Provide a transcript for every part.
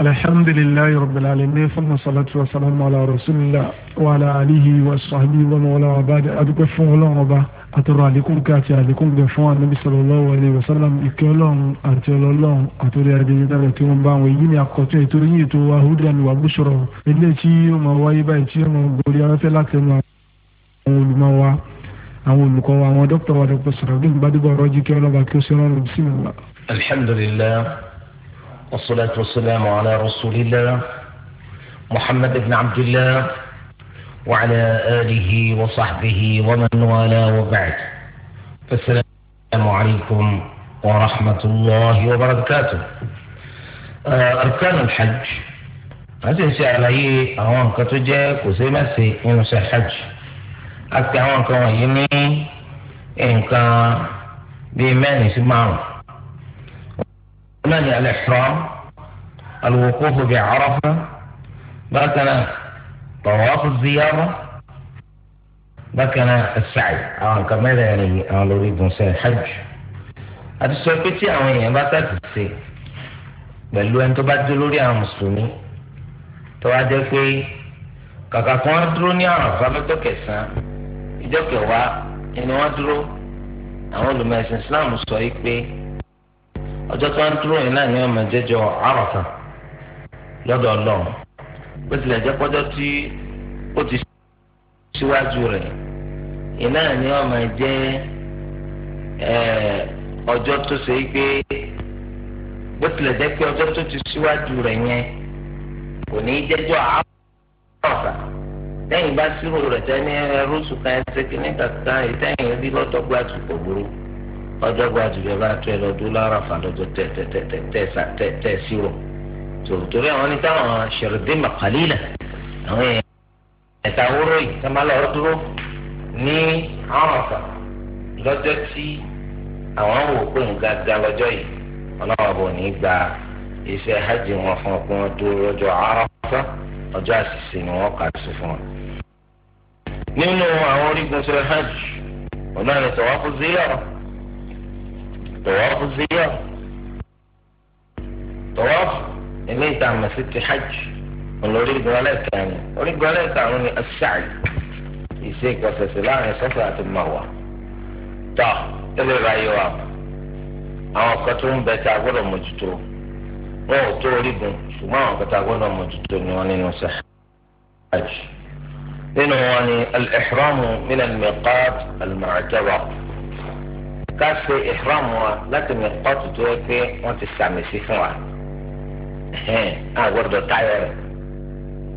الحمد لله رب العالمين ثم الصلاة والسلام على رسول الله وعلى آله وصحبه ومن والاه وبعد أدوك فون الله ربا أترى لكم كاتي لكم بفون النبي صلى الله عليه وسلم إكلهم أرتل الله أترى أرجع ترتيهم بان ويجيني أقطع تريني تو وهودا وبشرى إلي تيو ما وايبا تيو ما بوليا فلاتنا ما وا àwọn olùkọ́ wa àwọn dókítà wa dókítà sọ̀rọ̀ bí gbadébọ̀ ọ̀rọ̀ jí kí ọlọ́ba kí ó والصلاة والسلام على رسول الله محمد بن عبد الله وعلى آله وصحبه ومن والاه وبعد السلام عليكم ورحمة الله وبركاته آه، أركان الحج هذه ń ṣe هي أوان كتجا tó jẹ́ kò ṣeé má ṣe nínú ṣe hajj àti àwọn náà ní al-ihram al-wuquf bi Arafah bákan náà tawaf ziyara bákan náà as-sa'i àwọn nǹkan mẹ́rẹ̀ẹ̀rin yìí àwọn lórí ìgbọ̀nsẹ̀ hajj àti sọ pé tí àwọn èèyàn bá tàbí ṣe pẹ̀lú ẹni tó bá dé lórí àwọn mùsùlùmí tó wá jẹ́ pé kàkà kan dúró ní Àràfà lọ́jọ́ kẹsàn-án ìjọ kẹwàá ẹni wọ́n dúró àwọn olùmọ̀ ẹ̀sìn Islam sọ yìí pé ọjọ́ tó ń dúró yìí náà ni ọmọ jẹjọ àròkàn lọ́dọ̀ ọlọ́run bó tilẹ̀ jẹ́ pọ́jọ́ tí ó ti síwájú rẹ̀ yìí náà ni ọmọ jẹ́ ọjọ́ tó ṣe é pé bó tilẹ̀ jẹ́ pé ọjọ́ tó ti síwájú rẹ̀ yẹn kò ní í jẹ́jọ́ àròkàn lẹ́yìn bá sírò rẹ̀ tẹ́ ní ẹrú sùkàn ẹsẹ̀ kìnnìkan kan ìtẹ́yìn rí lọ́dọ̀ gbàtù kò burú ọjọ́ gbajúgẹ́ bá tó ẹ lọ dúró lára fàlọ́jọ tẹ̀tẹ̀tẹ̀tẹ̀ sírò tòótórí àwọn ní táwọn ṣèrèdè màkàlílà àwọn èèyàn ẹ̀ta wóró yìí tá máa lọ dúró ní àwọn ọ̀fà lọ́jọ́ tí àwọn wò pé nǹkan ga lọ́jọ́ yìí ọlọ́wọ́ bò ní gba iṣẹ́ hajj wọn fún ọ pé wọ́n lọ́jọ́ Àrafá ọjọ́ àṣìṣe ni wọ́n kà sí fún wọn. nínú àwọn orígun sọ hajj ọ̀nà ìtọ̀wá fún zílọ̀ طواف الزيارة طواف إن أنت عم ست حج ولا أريد ولا ثاني يعني. أريد ولا ثاني السعي يسيك بس سلاح يسفع ثم هو تا إلي رأيوا أنا كتوم بتعقول مجتو أو توريد سما بتعقول مجتو نواني نصح حج إنه يعني الإحرام من الميقات المعتبر ká ṣe ihram wa láti mi kọ́ tuntun ẹ pé wọ́n ti sàmì sí fún wa a gbọ́dọ̀ táyọ̀ rẹ̀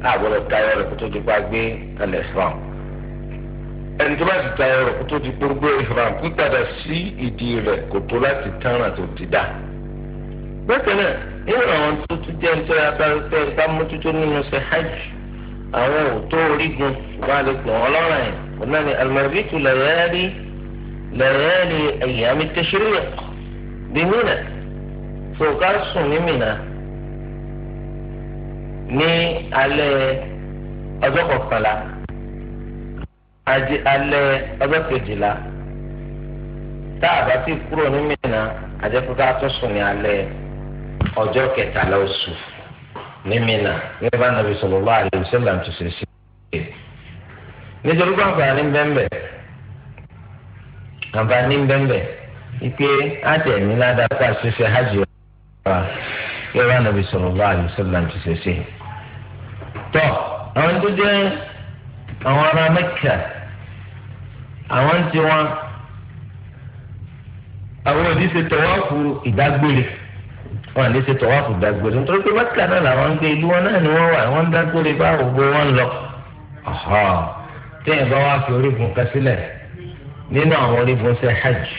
a gbọ́dọ̀ táyọ̀ rẹ̀ kó tó di pa gbé ẹlẹ́ ihram ẹni tó bá ti táyọ̀ rẹ̀ kó tó di gbogbo ihram pípadà sí ìdí rẹ̀ kò tó láti tánràn tó ti bẹ́ẹ̀ náà nínú àwọn tó tún jẹ́ nítorí abáfẹ́ ìbámójútó nínú ṣe hajj àwọn ò tó orígun wọn àlejò ọlọ́run ẹ̀ ọ̀nà ni almarbitu ليالي أيام التشريق بمنى سوكان سوني منى ní alẹ́ ọjọ́ kọkànlá àti alẹ́ ọjọ́ kejìlá tá a bá ti kúrò ní Mínà àjẹpẹ́ká tún sùn ní alẹ́ ọjọ́ kẹtàlá oṣù ní Mínà nígbà Nàbí sallallahu alaihi wasallam ti ṣe sí i nítorí pàǹfà ní bẹ́ẹ̀ bẹ́ẹ̀ àǹfààní bẹ́ẹ̀ ike àtẹ̀mí ládàpá ṣẹṣẹ hajj wa yọ̀rọ̀ nàbì sallallahu alaihi wasallam ti ṣẹṣẹ. tọ́ àwọn tó jẹ́ àwọn ará mẹ́kà àwọn tí wọ́n àwọn òdì ṣe tọ̀wáfù ìdágbére wọn àlè ṣe tọ̀wáfù ìdágbére nítorí pé mẹ́kà náà làwọn ń gbé ìlú wọn náà ni wọ́n wà wọ́n ń dágbére báwo gbé wọn lọ. téèyàn bá wá fi orígun nínú àwọn orígun ṣe hajj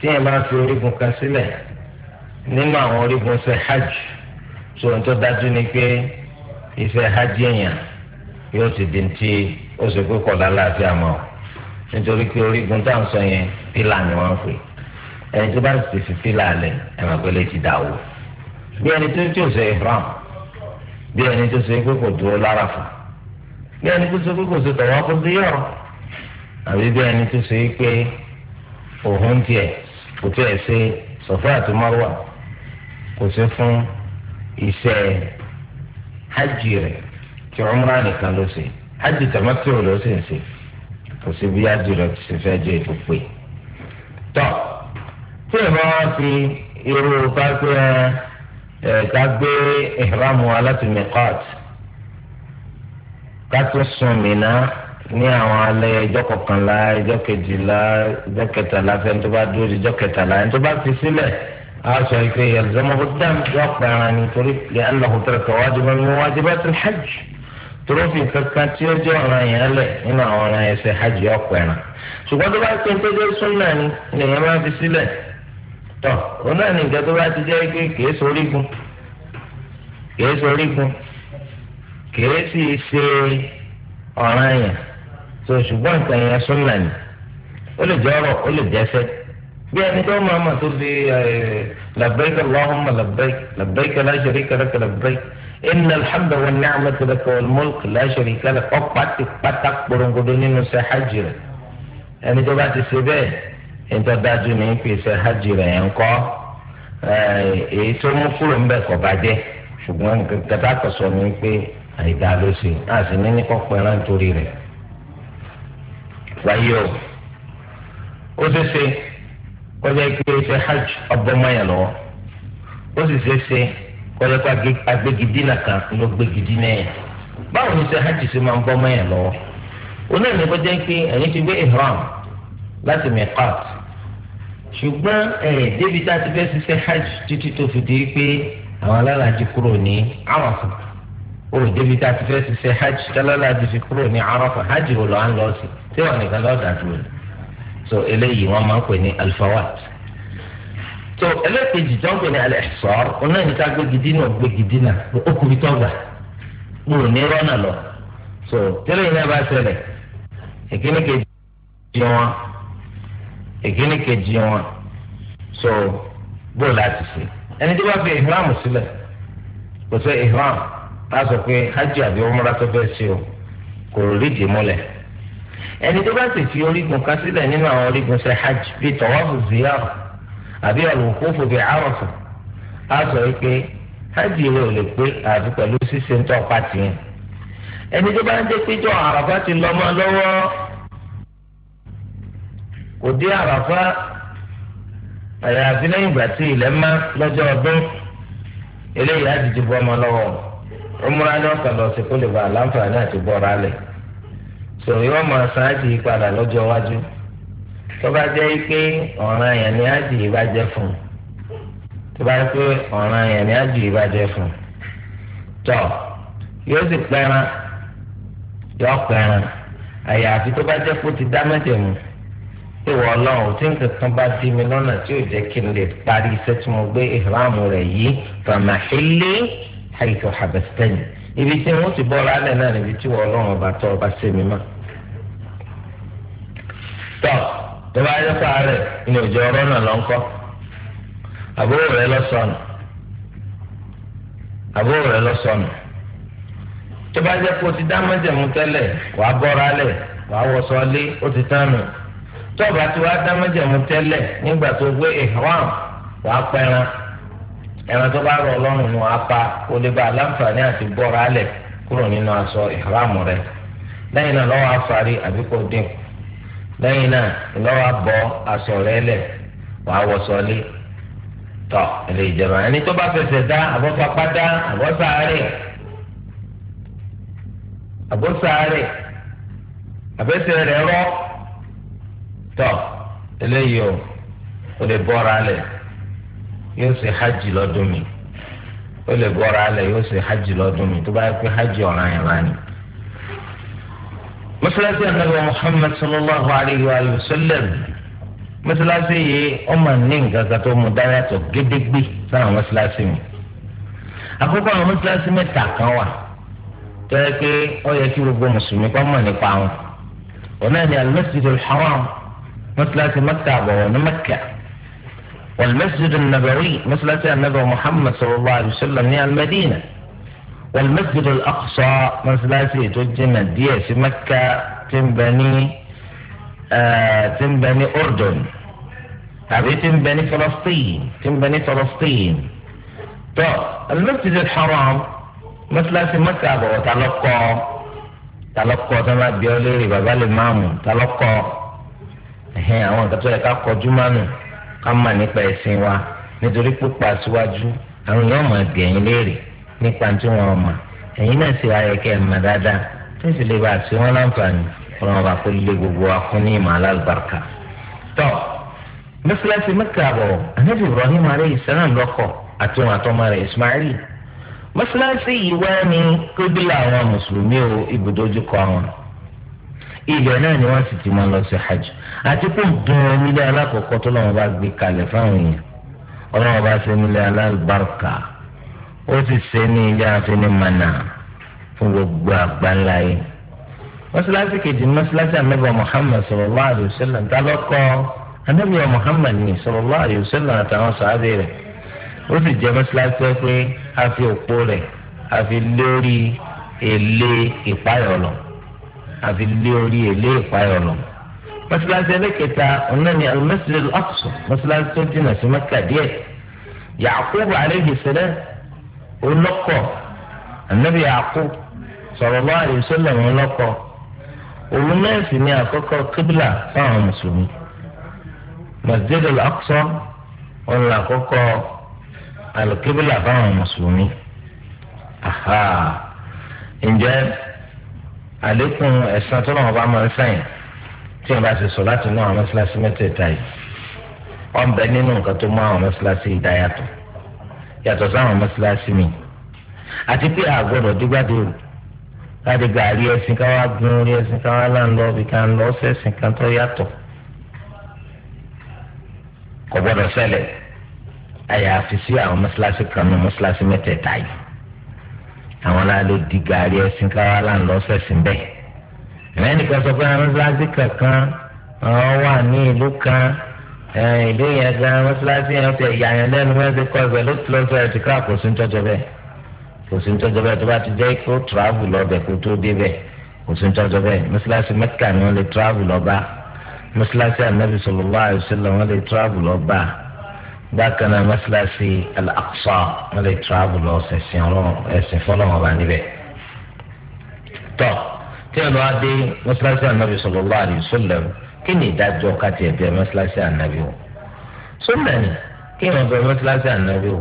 tí yẹn bá fi orígun kan sílẹ̀ nínú àwọn orígun ṣe hajj tó ń tó dájú ni pé iṣẹ́ hajj èèyàn yóò ti di ti ó sì pé kọ̀ lálàáfíà mọ́ nítorí pé orígun tá à ń sọ yẹn pílà ni wọ́n ń pè ẹni tó bá sì fi pílà lẹ̀ ẹ̀rọ pẹ̀lẹ́ ti dà wò bí ẹni tó tí ò ṣe ìhram bí ẹni tó ṣe pé dúró lára fún bí ẹni tó ṣe pé ṣe tọ̀wọ́ kó sí yọ̀rọ̀ àbí bí ẹni tó ṣe pé òun tiẹ̀ kò tiẹ̀ ṣe sọ̀fà àti mọ́rùwà kò ṣe fún iṣẹ́ hajj rẹ̀ tí umra nìkan ló ṣe hajj tàmátì ló ṣe ń ṣe kò sí bí hajj rẹ̀ ti ṣe fẹ́ jẹ́ ìfúnpẹ́ tọ́ tí ẹ̀ bá wá fi irú ká gbé ẹ̀ ká gbé ihramu ká tún sùn mí náà ní àwọn alẹ́ ẹjọ́ kọkànlá ẹjọ́ kejìlá ẹjọ́ kẹtàlá fẹ́ni tó bá dúró di ẹjọ́ kẹtàlá ẹni tó bá fi sílẹ̀ a sọ pé yẹlẹmọkò dàm yọ pẹ̀rẹ̀ nítorí pé aláwọ̀ tẹ̀rẹ̀ tó wájú bá mi wájú bá ti hajj torofi kankan tí ó jẹ́ ọ̀ràn yẹn lẹ̀ nínú àwọn ọ̀ràn ẹsẹ̀ hajj yọ pẹ̀rẹ̀ ṣùgbọ́n tó bá pé pété súnà ni lèyìn bá ti jẹ́ pé ọ̀ràn yẹn so ṣùgbọ́n nǹkan yẹn súnà ni ó lè jẹ́ ọ̀rọ̀ ó lè jẹ́sẹ́ bí ẹni tó máa ma tó di labbaik allahumma labbaik labbaik la sharika laka labbaik inna alhamda wa ni'mata laka wal mulk la sharika laka ọ̀pá ti pátá kporongodo nínú ṣe hajj rẹ̀ ẹni tó bá ti ṣe bẹ́ẹ̀ ẹni tó dájú ní pé ṣe hajj rẹ̀ yẹn kọ́ èyí tó mú kúrò ń bẹ̀ kọ́ bá jẹ́ ṣùgbọ́n kẹta kọ̀sọ́ ni pé àìdá ló ṣe àti níní kọ́ pẹ́ràn torí rẹ̀ wáyé o ó ṣe ṣe kọjá pé ṣe hajj ọgbọmọyà lọ́wọ́ ó sì ṣe ṣe kọjá pé agbégidínà kan ló gbégidínà yẹn báwo ni ṣe hajj ṣe máa ń bọmọyà lọ́wọ́ oní ẹni kọjá pé ẹ̀yin ti gbé ihram láti miqat ṣùgbọ́n ẹ̀ débi tá a ti fẹ́ ṣiṣẹ́ hajj títí tó fi di pé àwọn alálàájì kúrò ní àwọn àfọ̀kù olùdébi tá a ti fẹ́ ṣiṣẹ́ hajj tẹ́lọ́lá ti fi kúrò ní Arafah hajj wò lọ́ à ń lọ sí tí wọ́n nìkan lọ́ọ́ dàdúró ni so eléyìí wọ́n máa ń pè ní alfawat so ẹlẹ́kejì tó ń pè ní al-ihsar ọ̀nà ìdíkà gbégidínà gbégidínà okùnrin tó gbà mo ní rọ́nà lọ so tẹ́lẹ̀ iná bá ṣẹlẹ̀ ìkíní kejì wọn ìkíní so bóòlù àti sè ẹni tí wọ́n fi ìhìrámù sílẹ̀ kò sọ ìhìrámù. a sọ hajj àbí umrah tó o kò rí ìdí ẹni tó bá sì fi orígun kan nínú àwọn orígun sẹ hajj bíi tawafu ziyara àbí al-wuqufu bi Arafa a sọ pé hajj rẹ ò lè pé àti pẹ̀lú ṣíṣe ń ẹni tó bá ń dé péjọ ti lọ kò dé àyàfi ìgbà tí ilẹ̀ lọ́jọ́ ọdún eléyìí á umra ni ọkàn lọ sí kó lè ba àlàǹfààní àti bọ́ra lẹ̀ so yóò máa san ájì padà lọ́jọ́ iwájú tó bá jẹ́ pé ọ̀ràn yẹn ni ájì yìí bá jẹ́ fún un tó bá jẹ́ pé ọ̀ràn yẹn ni ájì yìí bá jẹ́ fún un tọ́ yóò sì pẹ́ran yóò pẹ́ran àyàfi tó bá jẹ́ kó ti dá mẹ́tẹ̀ẹ̀mù ìwọ ọlọ́run tí nǹkan kan bá dí mi lọ́nà tí ò jẹ́ kí n lè parí iṣẹ́ tí mo gbé ìhàmù rẹ̀ yìí fàmáhílì. haythu habastani ibi tí wọ́n ti bọ́ra alẹ́ náà níbi tí wọ́n lọ́wọ́ ọba tọ ọba sẹ́mi mọ́. tọ tó bá yẹ kó àárẹ̀ ní òjò ọ̀rọ̀ náà lọ ń kọ́ àbúrò rẹ̀ àbúrò bá yẹ ti dá tẹ́lẹ̀ wàá wàá lé ó ti ẹran tó bá rọ ọlọ́run nù apá ó lè bá aláǹfààní àti bọ́ra alẹ̀ kúrò nínú aṣọ ìhàmù rẹ̀ lẹ́yìn náà lọ́wọ́ afárí àbí kò dín lẹ́yìn náà lọ́wọ́ abọ́ aṣọ rẹ̀ lẹ̀ wàá wọṣọlé tọ́ ilé ìjọba ẹni tó bá fẹsẹ̀ dá àbọ̀fapá dá àbọ̀sáárẹ̀ àbọ̀sáárẹ̀ àbẹ̀sẹ̀ rẹ̀ rọ́ tọ́ eléyìí o lè bọ́ra alẹ̀ yóò ṣe hajj lọ́dún mi ó lè bọ́ra alẹ̀ yóò ṣe hajj lọ́dún mi tó bá yẹ pé hajj ọ̀ràn yẹn bá ní. mọ́sálásí ànábì muhammed sallallahu alayhi wa sallam mọ́sálásí yìí ó máa ní nǹkan kan tó mú dáyàtọ̀ gédégbé sáwọn mọ́sálásí mi. àkókò àwọn mọ́sálásí mẹ́ta kan wà tó yẹ pé ó yẹ kí gbogbo mùsùlùmí kọ́ mọ̀ nípa wọn. ọ̀nà ni al-masjid al mọ́sálásí mẹ́ta àbọ̀wọ̀ ní mẹ́kà. والمسجد النبوي مثل النبي محمد صلى الله عليه وسلم ní المدينة والمسجد الأقصى مثل تجمع دية في مكة تنبني آه تنبني أردن هذه تنبني فلسطين تنبني فلسطين طب المسجد الحرام مثل في مكة أبو تلقى تلقى تما بيولي بابا الإمام تلقى هي إيه، أوان كتير كاكو جمانو ká mà nípa ẹ̀sìn wa nítorí pípa síwájú àwọn yóò máa bì ẹ̀yin léèrè nípa tí wọ́n mọ̀ ẹ̀yin náà sì wáyé kẹ́ ẹ̀ mọ̀ dáadáa tó sì lè bá a sí wọn láǹfààní ọlọ́run bá kó lé gbogbo wa fún ní ìmọ̀ alálùbáríkà. tọ́ mẹ́sàlásì mẹ́kà bọ̀ ànábì Ibrahim aleyhi sẹ́nà lọ́kọ̀ àti wọn àtọ́mọ rẹ̀ Ismail mẹ́sàlásì yìí wá ní kébìlà àwọn mùsùlùmí o ibùdójúkọ àwọn ibẹ̀ náà ni wọ́n sì ti máa lọ sí hajj àti kó gan nílé alákọ̀ọ́kọ́ tó lọ́wọ́ bá gbé kalẹ̀ fáwọn èèyàn ọlọ́wọ́ bá ṣe nílé alábàárùkà ó sì ṣe ní ilé afẹnimànà fún gbogbo àgbáńlá yìí mọ́sálásí kejì mọ́sálásí anábì Muhammad sallallahu alaihi wasallam tá lọ́kọ́ anábì Muhammad ní sallallahu alaihi wasallam àtàwọn sàábẹ̀ rẹ̀ ó sì jẹ́ mọ́sálásí pé a fi òpó rẹ̀ a fi lórí èlé ìpáyọ̀ lọ àfi lé orí èlé ìpayọ̀ lọ. mọ́sálásí ẹlẹ́kẹta ọ̀nà ni al-Masjid al-Aqsa mọ́sálásí tó dínà sí mẹ́kà díẹ̀ Ya'qub alayhi salam olọ́kọ̀ ànábì Ya'qub sallallahu alayhi wasallam olọ́kọ̀ òun náà sì ni àkọ́kọ́ kíbla fáwọn mùsùlùmí Masjid al-Aqsa òun là àkọ́kọ́ alùkíbla fáwọn mùsùlùmí àlékún ẹ̀sán tó náà bá máa ń sàyìn tí wọ́n bá ti sọ láti náà àwọn mọ́ṣáláṣí mẹ́tẹ̀ẹ̀ta yìí wọ́n bẹ nínú nǹkan tó mú àwọn mọ́ṣáláṣí ìdá yàtọ̀ yàtọ̀ sáwọn mọ́ṣáláṣí mi àti pé àgọ́dọ̀ dúgbàdúró láti gàrí ẹ̀sìn ká wá gun orí ẹ̀sìn ká wá láńlọ bí ká ń lọ sẹ́sìn kan tó yàtọ̀ kò gbọ́dọ̀ ṣẹlẹ̀ àyàfi sí àwọn mọ́ṣáláṣí kan ní mọ́ṣáláṣí mẹ́tẹ̀ẹ̀ta yìí àwọn aláàlú di gàrí ẹ̀sìn káwá láńlọ sẹ̀sìn bẹ́ẹ̀. ẹ̀mẹ́nìkan sọ pé mọ́ṣáláṣí kankan wà ní ìlú kan ìlú yẹn gan mọ́ṣáláṣí yẹn ti ẹ̀yà yẹn lẹ́nu mẹ́sẹ̀ kọ́ ibẹ̀ ló ti lọ sọ ẹ̀sìn káà kò sí ń tọ́jọ́ bẹ́ẹ̀ kò sí ń tọ́jọ́ bẹ́ẹ̀ tó bá ti jẹ́ kó tíráàvù lọ bẹ̀ kó tó dé bẹ́ẹ̀ kò sí ń tọ́jọ́ bẹ́ẹ̀ mọ́ṣáláṣí Mẹ́kà bákan náà mọ́sálásí Al-Aqsa wọ́n lè travel lọ ṣẹ̀sìn ọlọ́run ẹ̀sìn fọlọ́run ọba níbẹ̀. tọ́ tí ẹ bá dé mọ́sálásí ànábì sallallahu alaihi wasallam kí ni ìdájọ́ káti ẹ̀bẹ̀ mọ́sálásí ànábì o sọ́lẹ̀ ni kí wọ́n bẹ mọ́sálásí ànábì o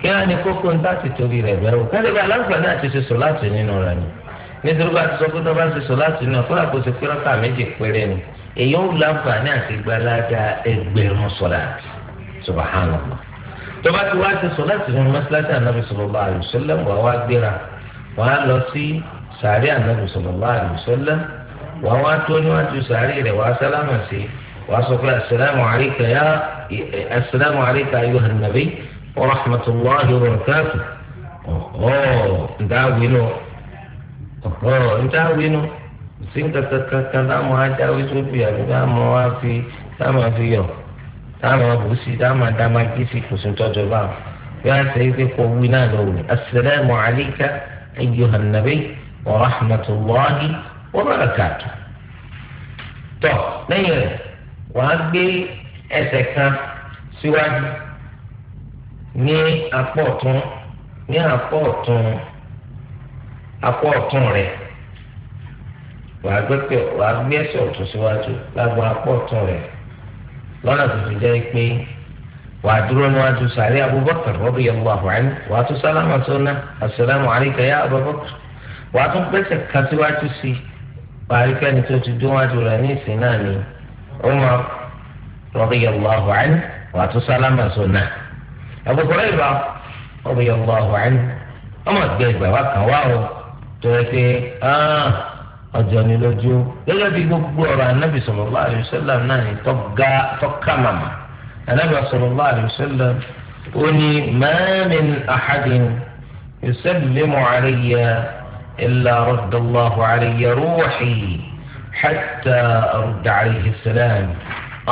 kí wọ́n ní kókó ń bá ti torí rẹ̀ bẹ́ẹ̀ o kẹ́lẹ́ bá aláǹfààní àti ṣe sọ láti nínú rẹ̀ ni nítorí bá ti sọ pé tó ti sọ láti nínú fúnra kó ṣe pé méjì péré ni èyí ó láǹfààní subahánàmà tó bá ti wá ti sọ láti fún mọ́sálásí ànábì sallallahu alaihi wasallam wà wá gbéra wà á lọ sí sàárì ànábì sallallahu alaihi wasallam wà wá tó níwájú sàárì rẹ̀ wà á sálámà sí wà á sọ pé asalaamu alayka ya asalaamu alayka ayyuhan nabi wa rahmatulahi wa barakatuh ọ̀họ́ ndáwínú ọ̀họ́ ndáwínú sí nǹkan kankan láwọn ajáwé sóbì àbí láwọn wá fi láwọn fi yọ̀. táwọn ọ̀hún sí dáhùn dáhùn gíìsì kò sí tọ́jú bá wọn bí wọ́n ṣe pé kò wí náà lọ wí asalaamu alayka wa rahmatulahi wa barakatu. tọ́ lẹ́yìn rẹ̀ wàá gbé ẹsẹ̀ lọ́nà tuntun jẹ́ pé wà á dúró níwájú sàárẹ̀ abubakar radiyallahu anhu wà á tún sálámà sọ́nà assalamu alayka ya abubakar wà á tún gbẹ́sẹ̀ kan síwájú sí wà á rí kẹ́ni tó ti dún wájú rẹ̀ ní ìsìn náà ni umar radiyallahu anhu wà á tún sálámà sọ́nà Abu Hurayra radiyallahu anhu ọmọ ìgbẹ́ ìgbà kàn wá o tó yẹ pé áá. Ah, ọjọ́ ni lójú gẹ́gẹ́ bí gbogbo ọ̀rọ̀ anabi sallallahu alaihi wasallam náà ní tọ́ ga tọ́ ká màmá anabi sallallahu alaihi wasallam ó ní ma min ahadin yusallimu alayya illa raddallahu alayya ruhi hatta arudda alayhi salam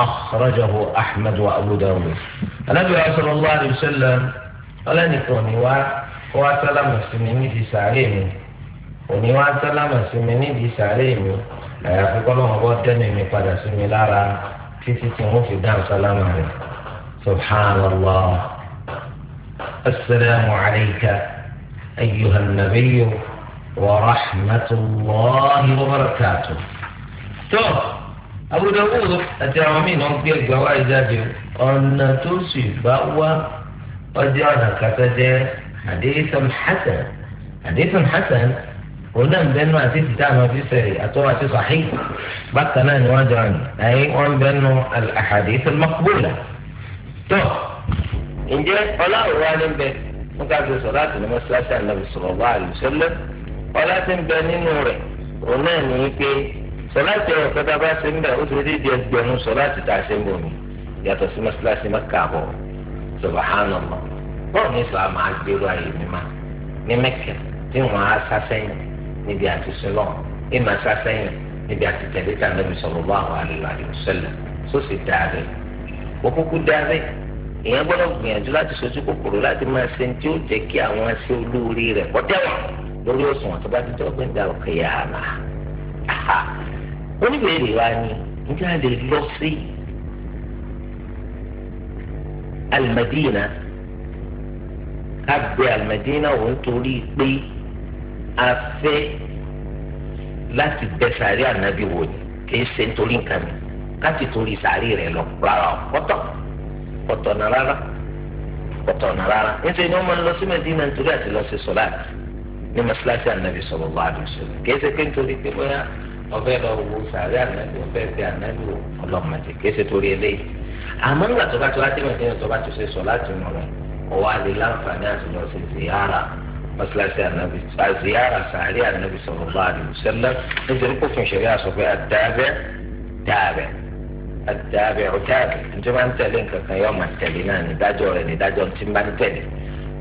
akhrajahu àhmed wa abu dawud anabi sallallahu alaihi wasallam ọlọ́nìkan ni wá wá sálámù sí mi ní ti sàárè mi. òní wá sálámà sí mi níbi sàárè mi àyàfi kọ́ lọ́wọ́ bọ́ dẹ́nu mi padà sí mi lára títí tí wọ́n fi dáhùn sálámà rẹ̀ subhana subhanallah asalaamu alayka ayuha nabiyu wa rahmatulahi wa barakatu. tó abudu Dawud àti àwọn míì náà gbé ẹgbàá wa ìjáde ọ̀nà tó sì bá wá ọjọ́ ọ̀nà kàtà jẹ́ hadithan hasan àdéhùn hasan. òun náà ń bẹ́ẹ̀ nù àti tìtà àwọn ọdún sẹ̀rẹ̀ àtọ́wọ́ àti sàhí bákan náà ni wọ́n jọ àná àyè wọ́n ń bẹ́ẹ̀ nù al-ahadith al-maqbula tó ǹjẹ́ ọláwọ̀ wa ni ń bẹ wọ́n ká fi sọ láti ní mọ́ṣáláṣí ànábì sallallahu alaihi wasallam ọlá ti ń bẹ nínú rẹ̀ òun náà ní í pé sọláàtì ọ̀rọ̀ kẹta bá ṣe ń bẹ ó ti di ẹgbẹ̀rún sọláàtì tá a ṣe ń bọ̀ mí yàtọ̀ sí mọ́ṣáláṣí níbi àti sílọ̀ ìmọ̀ sásẹ́yìn níbi àti tẹ̀lé tí Ànábì sallallahu alaihi wasallam sósì dáadé òkúkú dáadé èèyàn gbọ́dọ̀ gbìyànjú láti sojú kòkòrò láti máa ṣe ní tí ó jẹ́ kí àwọn ẹṣẹ́ olóore rẹ̀ kọ́ tẹ́wọ̀n lórí òṣùwọ̀n tó bá ti tọ́ gbẹ̀dà òkè yàrá oníbèrè wa ni njẹ́ a lè lọ sí al ká bẹ al òun torí pé a fẹ́ láti bẹ sàárì ànábì wò ni kìí ṣe nítorí nǹkan mi káti torí sàárì rẹ̀ lọ rárá ọ̀tọ̀ ọ̀tọ̀ nà rárá ọ̀tọ̀ nà rárá níṣẹ́ ni wọ́n máa ń lọ sí mẹ́dínà nítorí àti lọ sí sọ́láàtì ní mọ́ṣáláṣí ànábì sallallahu alaihi wasallam kìí ṣe pé nítorí pé bóyá ọbẹ̀ lọ wo sàárì ànábì ọbẹ̀ bẹ ànábì wò ọlọ́mọdé kìí ṣe torí eléyìí àmọ́ ńgbà مسلسل النبي زيارة سعرية النبي صلى الله عليه وسلم نجري قفن شريعة صفية التابع تابع التابع تابع انت ما انت لينك كان يوم انت لناني دا جوريني دا جون تم بانتني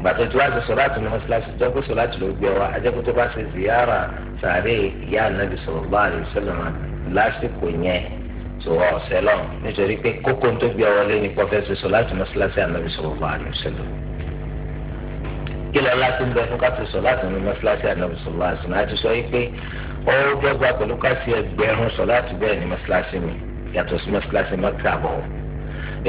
ما تتواز صلاة النبي صلى الله عليه وسلم صلاة الوبياء واحدة كنت باس زيارة سعرية يا النبي صلى الله عليه وسلم لاشتك كونيه سواء سلام نجري قفن تبيا وليني قفن صلاة النبي صلى الله عليه وسلم kílẹ̀ láti ń bẹ fún ká ti sọ láti nínú mọ́ṣáláṣí ànábì sallallahu alaihi wasallam àti sọ yìí pé ó dọ́gba pẹ̀lú ká sí ẹgbẹ̀rún sọ láti bẹ́ẹ̀ ní mọ́ṣáláṣí mi yàtọ̀ sí mọ́ṣáláṣí mọ́tàbọ̀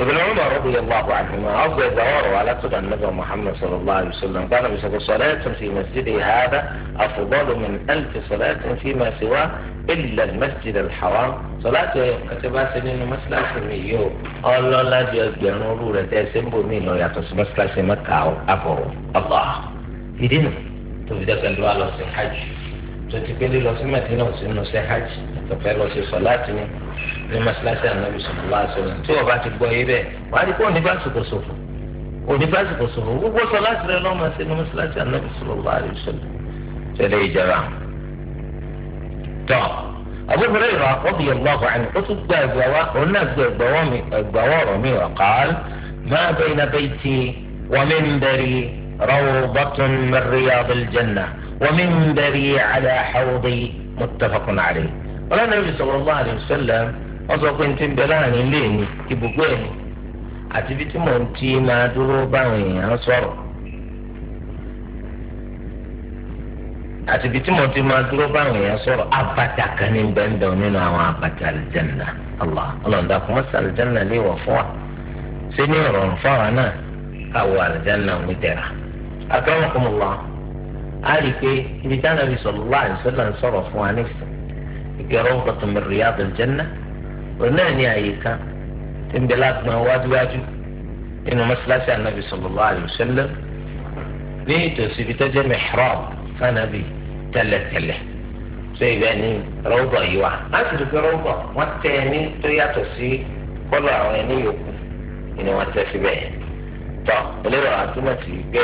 ابن عمر رضي الله عنهما أفضل الزوار على قدر النبي محمد صلى الله عليه وسلم قال بسبب صلاة في مسجده هذا أفضل من ألف صلاة فيما سواه إلا المسجد الحرام صلاة كتبا سنين مسلا سميو الله لا يجعل نور تسمى منه يقص مسلا سمكة أفر الله يدين تبدأ كندوا على الحج تتكلم لو سمعت هنا وسنو سحج تفعل وسي صلاة ní masalasi anabi sallallahu alaihi wasallam tí wọn bá ti gbọ́ yé bẹ́ẹ̀ wàá di kó o ní bá sòkò sòfò o ní bá sòkò sòfò gbogbo sọlá sílẹ̀ náà máa ṣe ní masalasi anabi sallallahu alaihi wasallam tẹ́lẹ̀ ìjọba tọ Abu Hurairah radiyallahu anhu ó tún gba ẹgbà wa òun náà gba ẹgbà wọn mi ẹgbà wọn ọ̀rọ̀ mi ọkàl ma bayna bayti wa minbari rawdatun min riyadil jannah wa minbari ala hawdi muttafaqun alayh. wọn náà Nabi sallallahu alaihi wasallam wọ́n sọ pé n ti ń bẹ láàrin ilé mi ibùgbé mi àti ibi tí mò ń ti máa dúró báwọn èèyàn sọ̀rọ̀ àti ibi tí mò ń ti máa dúró báwọn èèyàn sọ̀rọ̀ abàtà kan ní bẹ́ńbẹ́ nínú àwọn abàtà kò mọ́ sí lè wọ̀ fún wa ṣé ní ìrọ̀rùn náà káwọ tẹ̀ra a rí i pé ibi tí a nàbì sallallahu sọ̀rọ̀ fún wa òun náà ní àyè kan tí ń bẹ lágbọn wájúwájú nínú mọ́ṣáláṣí ànábì sallallahu alaihi wasallam ní ìtòsí ibi tó jẹ́ mihrab fanabi tẹ́lẹ̀tẹ́lẹ̀ tó ibẹ̀ ní rọ́bọ̀ yìí wá. láti rí pé rọ́bọ̀ wọ́n tẹ ẹni tó yàtọ̀ sí kọ́lọ̀ àwọn ẹni yòókù ni wọ́n tẹ síbẹ̀ yẹn. tọ́ olérò àtúmọ̀ sí pé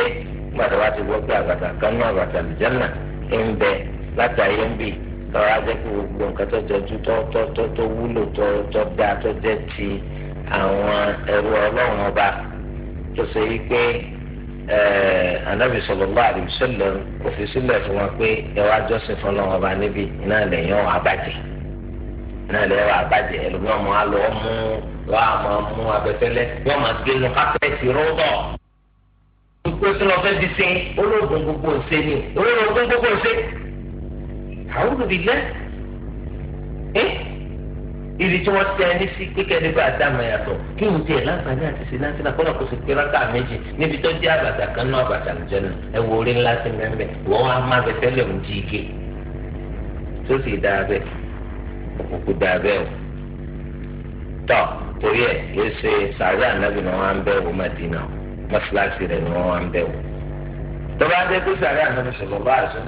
gbàdúrà ti gbọ́ àgbàdà kan náà àgbàdà àlùjànnà lọ́ra jẹ́ kí gbogbo nǹkan tó jọjú tó tó tó tó wúlò tó tó dá tó jẹ́ ti àwọn ẹrú ọlọ́run ọba tó ṣe yí pé anabi sallallahu alaihi wasallam kò fi sílẹ̀ fún wa pé ẹ wá jọ́sìn fún ọlọ́run ọba níbi iná lẹ́yìn ọ̀hún abàjẹ́ iná lẹ́yìn ọ̀hún abàjẹ́ ẹlòmíràn máa lọ mú wá máa mú abẹ́fẹ́lẹ́ yóò máa gbé inú kápẹ́ẹ̀tì rọ́bọ̀ gbogbo tí wọ́n fẹ́ di sí olóògùn gbogbo òṣèlú olóògùn gbogbo òṣèlú àwùjọ bíi lẹ́ ẹ́ ibi tí wọ́n tẹ ẹni sí kíkẹ́ nígbà àdámọ̀ yàtọ̀ kí n tiẹ̀ láǹfààní àti sí láti náà kọ́nà kó sì pé rákà méjì níbi tó jẹ́ àbàtà kan náà àbàtà nìjẹ́ nù ẹ wo orí ńlá sí mẹ́mẹ́ wọ́n wá má bẹ tẹ́lẹ̀ ń jí ike tó sì dáa bẹ́ẹ̀ òkùnkù dáa bẹ́ẹ̀ o tọ́ torí ẹ̀ yóò ṣe sàárẹ̀ ànábì ni wọ́n á ń bẹ́ẹ̀ wò Mádínà mọ́ṣáláṣí rẹ̀ ni wọ́n á ń bẹ́ẹ̀ wò tọ́ba á dé pé ànábì sọ̀rọ̀ bá àṣọ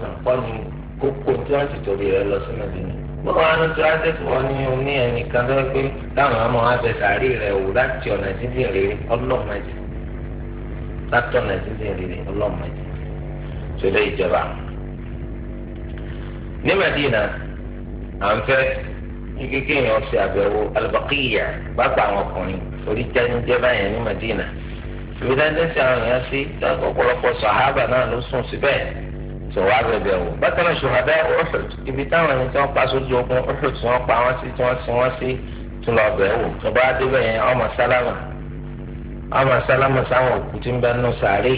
kókó tí wọ́n ti torí rẹ̀ lọ sí mẹ́tẹ́nì. báwo wá ní tíwájú tí wọ́n ní oní ẹnìkan tó pé táwọn ọmọ wa fẹ́ sàárì rẹ̀ wò láti ọ̀nà jíjìn rere ọlọ́mọdé láti ọ̀nà jíjìn rere ọlọ́mọdé tẹ̀lé ìjọba. ní mẹ́tẹ́nà à ń fẹ́ kíkékè yẹn ṣe àbẹ̀wò alùbákìyà gbàgbà àwọn ọkùnrin orí jẹ́nijẹ́ báyẹn ní mẹ́tẹ́nà ìbílẹ̀ ń dẹ́sẹ̀ àwọn èèyàn sí ọ̀pọ̀lọpọ̀ sàhábà náà ló sùn síbẹ̀ tó wá bẹ̀bẹ̀ wò bákan náà ṣùhàdá ọ̀hùd ibi táwọn ẹni tí wọ́n pa sójú ogun ọ̀hùd tí wọ́n pa wọ́n sí tí wọ́n sin wọ́n sí tún lọ bẹ̀ wò tó bá débẹ̀ yẹn ọmọ sálámà ọmọ sálámà sáwọn òkú tí ń bẹ nù sàárè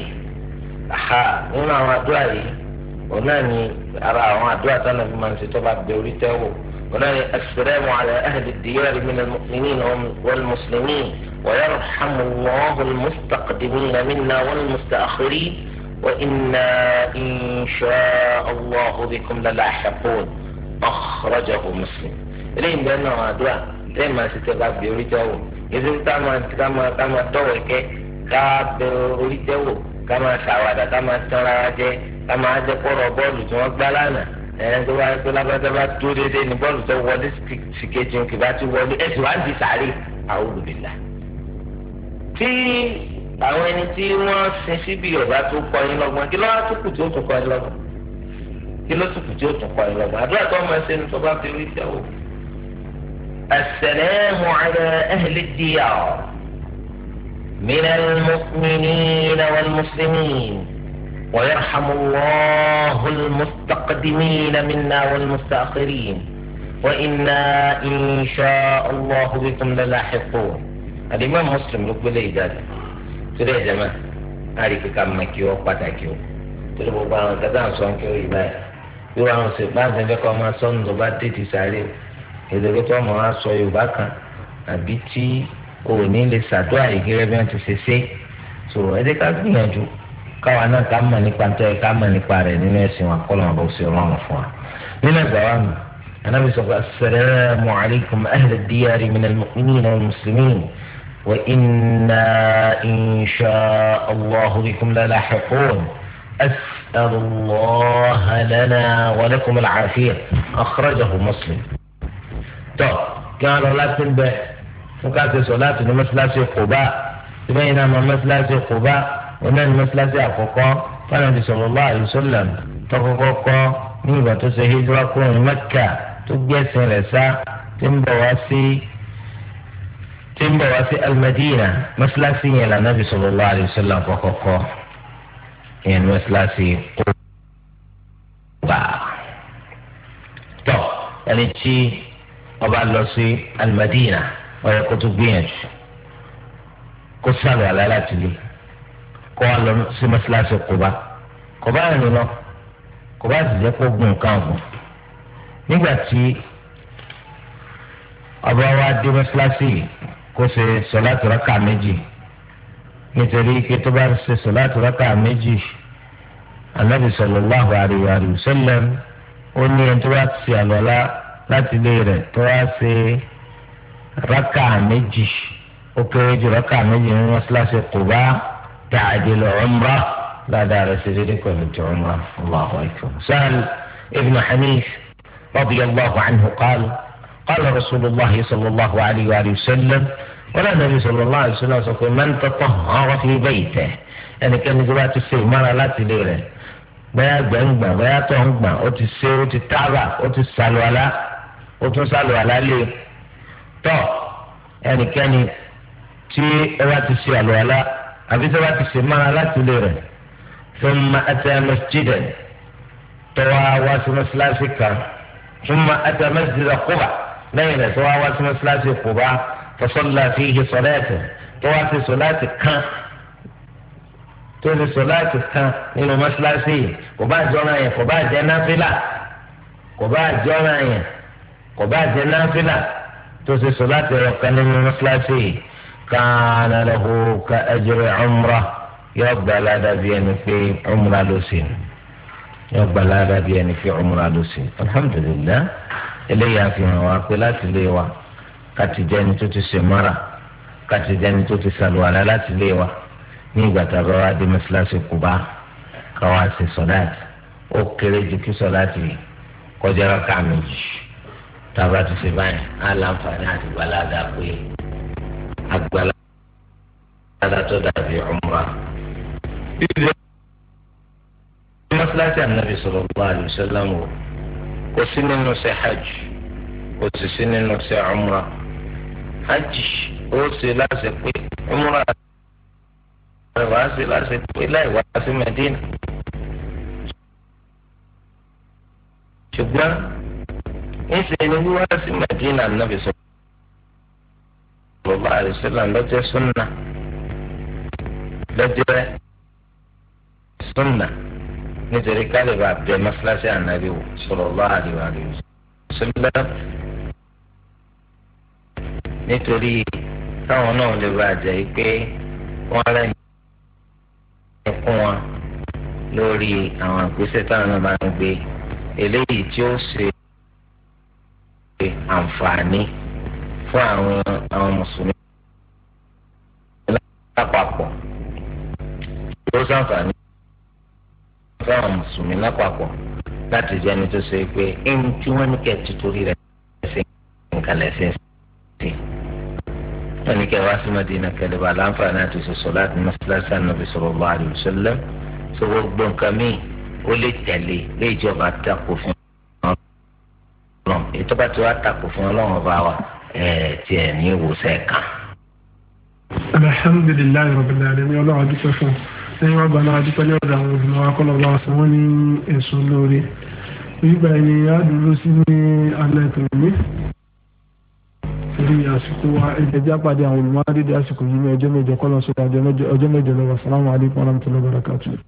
ha nínú àwọn àdúrà yìí òun náà ni ara àwọn àdúrà táwọn fi máa ń ṣe tó bá bẹ orí tẹ́ wò òun náà ni asalaamu ala ahli diyaari وإنا إن شاء الله بكم للاحقون أخرجه مسلم إليهم بأنه أدواء تيما ستباب بيوريجاو يزن تاما تاما تاما دوك تاب بيوريجاو كما سعوادة كما سراجة كما عجة قرى بولو جوان بلانا ẹ̀rẹ́ tó bá yẹ pé lágbàdá bá tó déédéé ní bọ́ọ̀lù tó wọlé sí kejì kìbá ti wọlé ẹ̀sìn wá ń di sàárè àwọn olùbìlà. tí àwọn ẹni tí wọ́n sin síbi ọba tó kọ́ yín lọ́gbọ́n kí ló wá tó kù tí ó tún kọ́ yín lọ́gbọ́n kí ló tó kù tí ó tún kọ́ yín lọ́gbọ́n àdúrà tó máa ṣe ni tó bá fi rí iṣẹ́ wò. السلام على أهل الديار من المؤمنين والمسلمين ويرحم الله المستقدمين منا والمستأخرين وإنا إن شاء الله بكم للاحقون الإمام مسلم يقبل إجازة torí ẹ̀jẹ̀ máa a rí kíkà mọ̀ kí ó pàtàkì ó torí gbogbo àwọn kẹta àwọn sọ̀n kí ó yìí báyìí bí wọ́n àwọn sèpá àti ẹ̀fẹ́ kọ́ máa sọ́nù tó bá tètè sáré ìdòdó tó mọ̀ wá sọ Yorùbá kan àbí tí òní lè ṣàdúrà ìgẹ́rẹ́ bí wọ́n ti ṣe ṣe so ẹ jẹ́ ká gbìyànjú káwa náà ká mọ̀ nípa tó yẹ ká mọ̀ nípa rẹ̀ nínú ẹ̀sìn wa kọ́ lọ́wọ́ bó ṣe fún wa nínú ẹ̀gbà wa mi anábìsọ̀gbà assalamu alaykum ahli diyari minal mu'minina wal muslimin وإنا إن شاء الله بكم للاحقون أسأل الله لنا ولكم العافية أخرجه مسلم طب كان لا تنبه وكانت صلاة في قباء بين في قباء ومن مسلسة قال فنبي صلى الله عليه وسلم تقوى نيبا تسهيد وكون مكة تبقى سنة تنبواسي tí ń bọ̀ wá sí almadina mọ́ṣáláṣí yẹn lànàbì sallallahu alaihi wasallam kọ́kọ́kọ́ yẹn mọ́ṣáláṣí kóbá tọ́ ẹni tí ọba lọ sí almadina ọ̀yẹ́ kó tó gbìyànjú kó sàlù aláìláti lè kó wá lọ sí mọ́ṣáláṣí kóbá kóbá rìn lọ kóbá sì jẹ́ kó gùn kan nígbà tí ọba wa dé mọ́ṣáláṣí yìí. kó ṣe sọláàtì rákà méjì nítorí pé tó bá ṣe sọláàtì rákà méjì anabi sallallahu alayhi wa sẹlẹ ó ní ẹni tó bá ṣe àlọ́lá láti ilé rẹ̀ tó bá ṣe rákà méjì ó kéré jù rákà méjì ní wọn kò bá lọ ọ ń bá ládàá rẹ̀ ṣe déédéé pẹ̀lú ti umrah Allahu akbar. Sahl ibn hamid rabi الله عنه قال qaal رسول الله صلى الله عليه وآله wọn náà nàbí sọlọ lọ àìsí náà sọ pé máa ń tọpọ àwọn fi bẹyì tẹ ẹnikẹ́ni tó bá ti ṣe ìmọ̀ràn láti ilé rẹ̀ bẹ́ẹ̀ gbẹ̀ ń gbà bẹ́ẹ̀ tọ̀ ń gbà ó ti ṣe ó ti tábà ó ti ṣàlùwàlá ó tún ṣàlùwàlá lé tọ̀ ẹnikẹ́ni tí ẹ bá ti ṣe àlùwàlá àbí tó bá ti ṣe ìmọ̀ràn láti ilé rẹ̀ fún ma ẹtẹ mẹsídẹ̀ẹ́ tọwa wá sí mọ́sálásí kan fún ma ẹtẹ mẹsídẹ̀ẹ́ kóbá فصلى فيه صلاته تواتي صلاة كان تواتي صلاة كان إنه مسلا فيه وبعد جناية وبعد جنافلة وبعد جناية وبعد جنافلة تواتي صلاة وكان إنه مسلا فيه كان له كأجر عمره يقبل هذا بين في عمره لسن يقبل هذا بين في عمره لسن الحمد لله إليه في مواقع لا تليه káti jẹni tó ti ṣe mọ́ra káti jẹni tó ti ṣàlùwàlá láti lé wa ní ìgbà tá a bá wá dé mọ́ṣáláṣí Kùbá káwá ṣe sọ̀dáàtì ó kéré ju kí sọ̀dáàtì kọjá rákà méjì tá a bá báyìí á àti gbalaga pé agbalaga tó dàbí umra. mọ́ṣáláṣí ànábì sallallahu alaihi wasallam kò sí nínú ṣe hajj kò sì sí nínú ṣe umra hajj ó ṣe láṣẹ pé umra rẹ wá ṣe láṣẹ pé láì wá sí medina ṣùgbọ́n níṣẹ́ ni wíwá sí medina nàbì sallallahu alaihi wasallam lọ́jọ́ súnà lọ́jọ́ súnà nítorí kálíbà bẹ́ẹ̀ mọ́ṣáláṣí ànábì sallallahu alaihi wasallam nítorí táwọn náà lè bàjẹ́ pé wọ́n rẹ̀ ní kún wọn lórí àwọn àgbésẹ̀ táwọn náà bá ń gbé eléyìí tí ó ṣe àǹfààní fún àwọn àwọn mùsùlùmí lápapọ̀ tí ó ṣàǹfààní fún àwọn mùsùlùmí lápapọ̀ láti jẹ́ ẹni tó ṣe pé ẹni tí wọ́n ní kẹ́ẹ̀ tuntun rí rẹ̀ ṣe nǹkan lẹ́sìn sí ẹni kẹ wá sí Madina kẹlẹba láǹfààní àti sọsọ láti mọsálásí ànábi sallallahu alaihi wasallam sọ gbogbo nǹkan míì ó lè tẹ̀lé lé ìjọba tako fún Ọlọ́run ètò bá ti wá tako fún Ọlọ́run ọba wa ẹ tiẹ̀ ní ìwòsàn kan. alhamdulilayi rabbil alamin Ọlọ́run adúpẹ́ fún lẹ́yìn wàá gbaná adúpẹ́ ní ọ̀dọ̀ àwọn obìnrin wa kọlọ bá sọ wọn ní èso lóore nígbà yẹn a dúró sí ní alẹ́ tòun ní torí àsìkò wa ẹ̀jẹ̀ pàdé àwọn olùmọ̀ádé dé àsìkò yìí ní ọjọ́ mẹ́jọ kọ́lọ́sọ̀rọ̀ ọjọ́ mẹ́jọ lọ́wọ́ sàlámù alaykum wa rahmatulahi wa barakatuh.